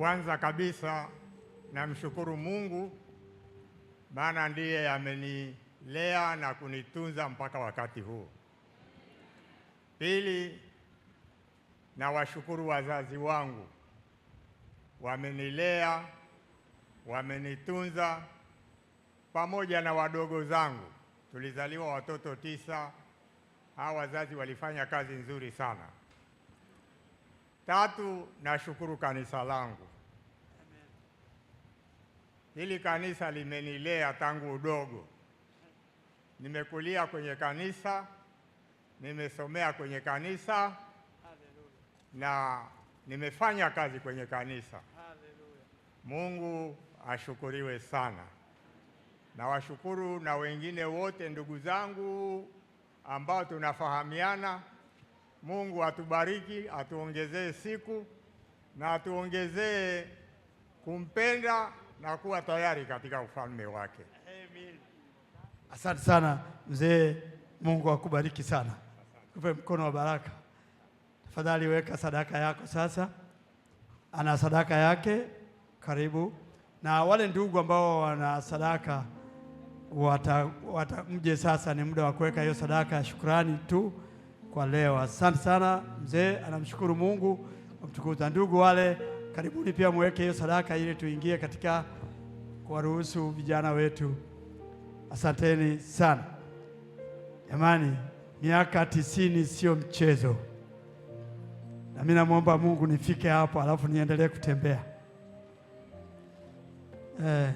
Kwanza kabisa namshukuru Mungu maana ndiye amenilea na kunitunza mpaka wakati huu. Pili, nawashukuru wazazi wangu, wamenilea, wamenitunza pamoja na wadogo zangu. Tulizaliwa watoto tisa. Hawa wazazi walifanya kazi nzuri sana. Tatu, nashukuru kanisa langu Hili kanisa limenilea tangu udogo. Nimekulia kwenye kanisa, nimesomea kwenye kanisa Hallelujah. na nimefanya kazi kwenye kanisa Hallelujah. Mungu ashukuriwe sana. Nawashukuru na wengine wote ndugu zangu ambao tunafahamiana. Mungu atubariki, atuongezee siku na atuongezee kumpenda na kuwa tayari katika ufalme wake. Asante sana mzee, Mungu akubariki sana, kupe mkono wa baraka. Tafadhali weka sadaka yako sasa. Ana sadaka yake, karibu na wale ndugu ambao wana sadaka wata, wata mje sasa. Ni muda wa kuweka hiyo sadaka ya shukrani tu kwa leo. Asante sana mzee, anamshukuru Mungu, mtukuza ndugu wale Karibuni pia muweke hiyo sadaka ili tuingie katika kuwaruhusu vijana wetu. Asanteni sana jamani, miaka tisini sio mchezo, na mimi namwomba Mungu nifike hapo alafu niendelee kutembea eh.